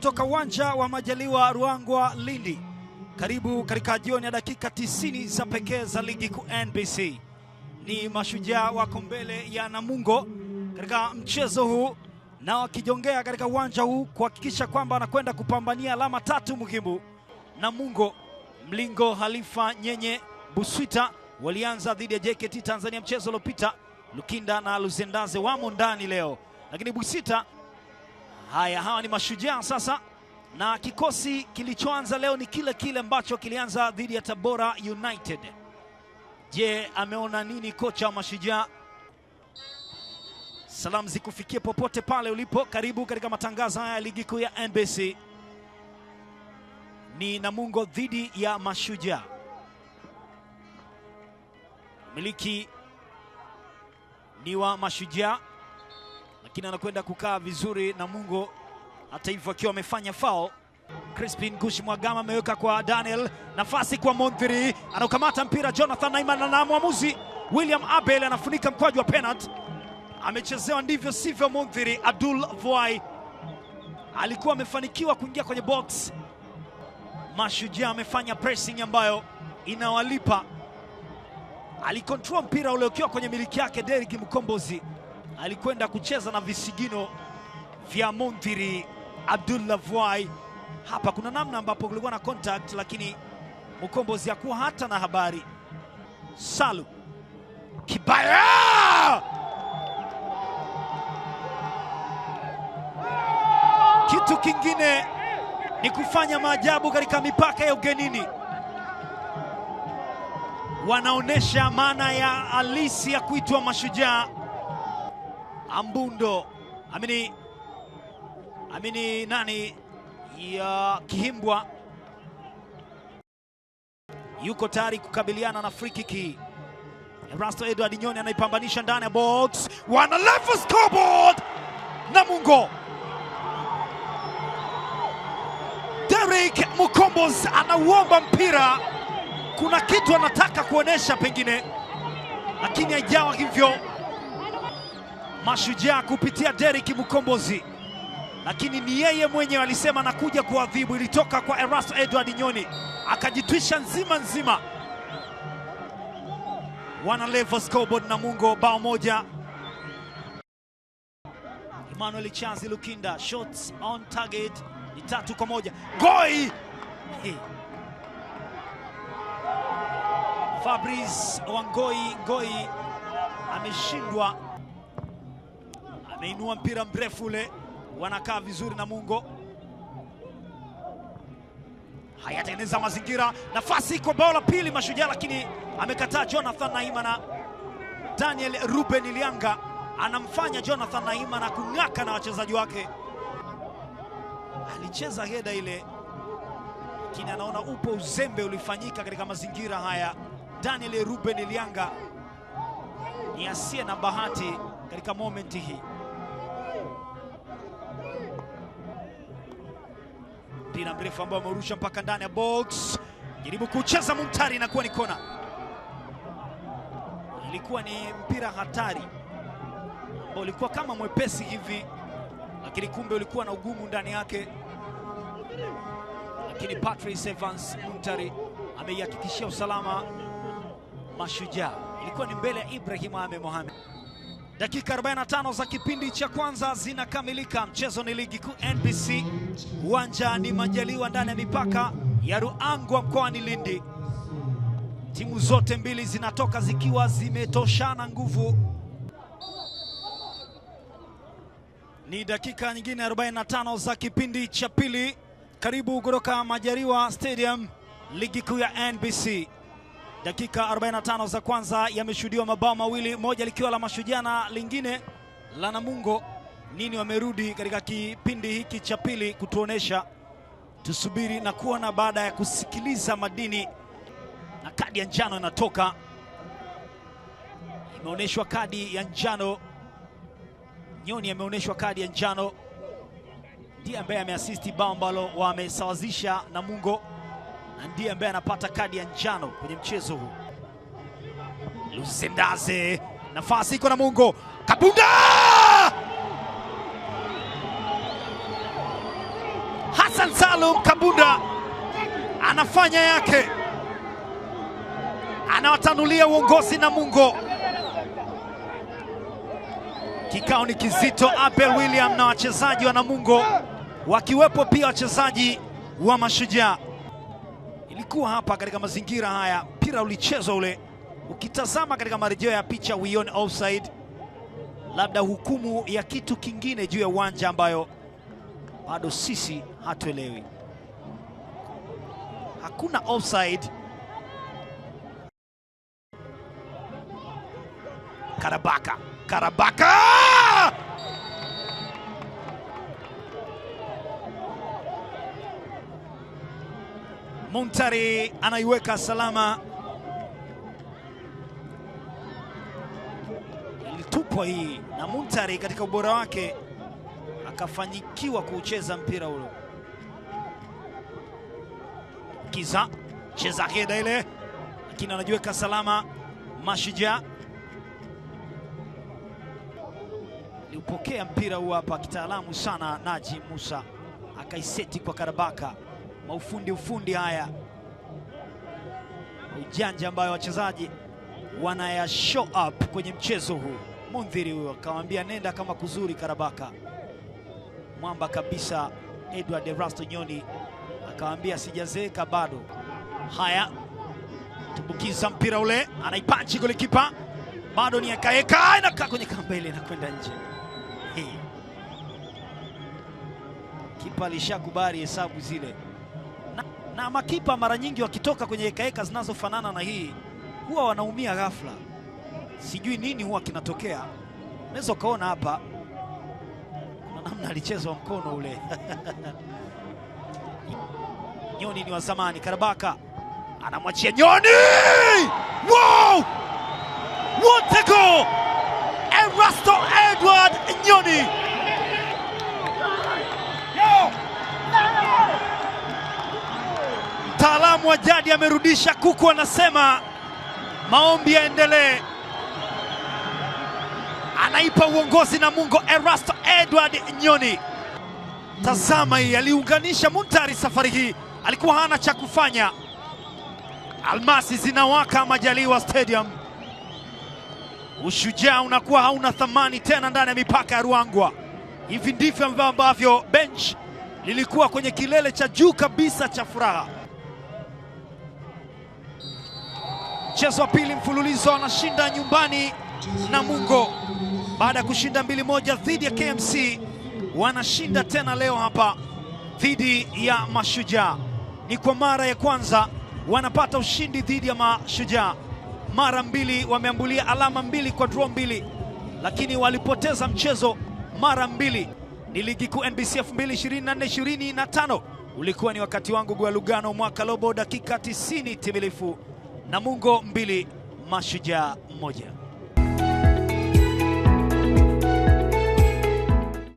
kutoka uwanja wa Majaliwa Ruangwa Lindi. Karibu katika jioni ya dakika 90 za pekee za ligi kuu NBC. Ni mashujaa wako mbele ya Namungo katika mchezo huu na wakijongea katika uwanja huu kuhakikisha kwamba anakwenda kupambania alama tatu muhimu. Namungo, Mlingo, Halifa Nyenye, Buswita walianza dhidi ya JKT Tanzania mchezo uliopita. Lukinda na Luzendaze wamo ndani leo, lakini Buswita Haya, hawa ni mashujaa sasa, na kikosi kilichoanza leo ni kile kile ambacho kilianza dhidi ya Tabora United. Je, ameona nini kocha wa mashujaa? Salamu zikufikie popote pale ulipo, karibu katika matangazo haya ya ligi kuu ya NBC. Ni Namungo dhidi ya Mashujaa. Miliki ni wa Mashujaa lakini anakwenda kukaa vizuri na Mungo. Hata hivyo akiwa amefanya foul. Crispin Gushi Mwagama ameweka kwa Daniel, nafasi kwa Monthiri, anaukamata mpira Jonathan Naimana, na mwamuzi William Abel anafunika mkwaju wa penalty. Amechezewa ndivyo sivyo. Monthiri Abdul Vuai alikuwa amefanikiwa kuingia kwenye box. Mashujaa amefanya pressing ambayo inawalipa, alikontrol mpira ule ukiwa kwenye miliki yake Derrick Mkombozi alikwenda kucheza na visigino vya Mundhiri Abdullah Vuai. Hapa kuna namna ambapo kulikuwa na contact, lakini Mkombozi hakuwa hata na habari. Salu Kibaya kitu kingine ni kufanya maajabu katika mipaka ya ugenini. Wanaonesha maana ya halisi ya kuitwa mashujaa. Ambundo amini, amini nani ya Kihimbwa yuko tayari kukabiliana na free kick. Erasto Edward Nyoni anaipambanisha ndani ya box, wana level scoreboard mungo Derek Mukombos anauomba mpira, kuna kitu anataka kuonesha pengine, lakini haijawa hivyo. Mashujaa kupitia Derrick Mkombozi, lakini ni yeye mwenyewe alisema nakuja kuadhibu. Ilitoka kwa Erasto Edward Nyoni akajitwisha nzima nzima. Wana level scoreboard Mungo bao moja. Emmanuel Chazi Lukinda shots on target ni tatu kwa moja. Goi hey. Fabrice Wangoi Ngoi ameshindwa anainua mpira mrefu ule, wanakaa vizuri na mungo Hayatengeneza mazingira, nafasi iko bao la pili Mashujaa, lakini amekataa Jonathan Naima na Daniel Ruben Ilianga anamfanya Jonathan Naima na kung'aka na wachezaji wake. Alicheza heda ile, lakini anaona upo uzembe ulifanyika katika mazingira haya. Daniel Ruben Ilianga ni asiye na bahati katika momenti hii. mpira mrefu ambao ameurusha mpaka ndani ya box, jaribu kucheza Muntari, inakuwa ni kona. Ilikuwa ni mpira hatari ambao ulikuwa kama mwepesi hivi, lakini kumbe ulikuwa na ugumu ndani yake, lakini Patrice Evans Muntari ameihakikishia usalama Mashujaa. Ilikuwa ni mbele ya Ibrahim Ame Mohamed. Dakika 45 za kipindi cha kwanza zinakamilika. Mchezo ni ligi kuu NBC, uwanja ni Majaliwa ndani ya mipaka ya Ruangwa mkoani Lindi. Timu zote mbili zinatoka zikiwa zimetoshana nguvu. Ni dakika nyingine 45 za kipindi cha pili. Karibu kutoka Majaliwa Stadium, ligi kuu ya NBC. Dakika 45 za kwanza yameshuhudiwa mabao mawili, moja likiwa la Mashujaa na lingine la Namungo. Nini wamerudi katika kipindi hiki cha pili kutuonesha? Tusubiri na kuona baada ya kusikiliza madini, na kadi ya njano inatoka. Imeonyeshwa kadi ya njano, Nyoni ameonyeshwa kadi ya njano, ndiye ambaye ameasisti bao ambalo wamesawazisha Namungo na ndiye ambaye anapata kadi ya njano kwenye mchezo huu. Luzindaze, nafasi iko na Mungo Kabunda, Hassan Salum Kabunda anafanya yake, anawatanulia uongozi na Mungo. Kikao ni kizito, Abel William na wachezaji wa Namungo wakiwepo pia wachezaji wa Mashujaa. Tulikuwa hapa katika mazingira haya, mpira ulichezwa ule. Ukitazama katika marejeo ya picha, uione offside, labda hukumu ya kitu kingine juu ya uwanja ambayo bado sisi hatuelewi. Hakuna offside. Karabaka, Karabaka! Muntari anaiweka salama, ilitupwa hii na Muntari katika ubora wake akafanyikiwa kuucheza mpira ule. Kiza cheza heda ile, lakini anajiweka salama Mashija. liupokea mpira huu hapa kitaalamu sana, Naji Musa akaiseti kwa Karabaka maufundi ufundi haya, ujanja ambayo wachezaji wanaya show up kwenye mchezo huu. Mundhiri huyo akamwambia nenda kama kuzuri Karabaka. Mwamba kabisa Edward Erasto Nyoni akamwambia sijazeeka bado. Haya, tumbukiza mpira ule, anaipanchi golikipa, bado ni akaeka, inakaa kwenye kamba ile kwenda nje. Hey. Kipa alishakubali hesabu zile na makipa mara nyingi wakitoka kwenye hekaheka zinazofanana na hii huwa wanaumia ghafla, sijui nini huwa kinatokea. Unaweza ukaona hapa kuna namna alichezwa mkono ule Nyoni ni wa zamani, Karabaka anamwachia Nyoni. Wow! What a goal! Erasto Edward Nyoni Imamu wa jadi amerudisha kuku, anasema maombi yaendelee. Anaipa uongozi na mungo Erasto Edward Nyoni. Tazama hii, aliunganisha Muntari. Safari hii alikuwa hana cha kufanya. Almasi zinawaka Majaliwa Stadium. Ushujaa unakuwa hauna thamani tena ndani ya mipaka ya Ruangwa. Hivi ndivyo ambavyo bench lilikuwa kwenye kilele cha juu kabisa cha furaha. mchezo wa pili mfululizo anashinda nyumbani Namungo baada ya kushinda mbili moja dhidi ya KMC, wanashinda tena leo hapa dhidi ya Mashujaa. Ni kwa mara ya kwanza wanapata ushindi dhidi ya Mashujaa. Mara mbili wameambulia alama mbili kwa draw mbili, lakini walipoteza mchezo mara mbili. Ni ligi kuu NBC 2024 2025. Ulikuwa ni wakati wangu gwa Lugano, mwaka lobo dakika 90 timilifu. Namungo mbili Mashujaa moja.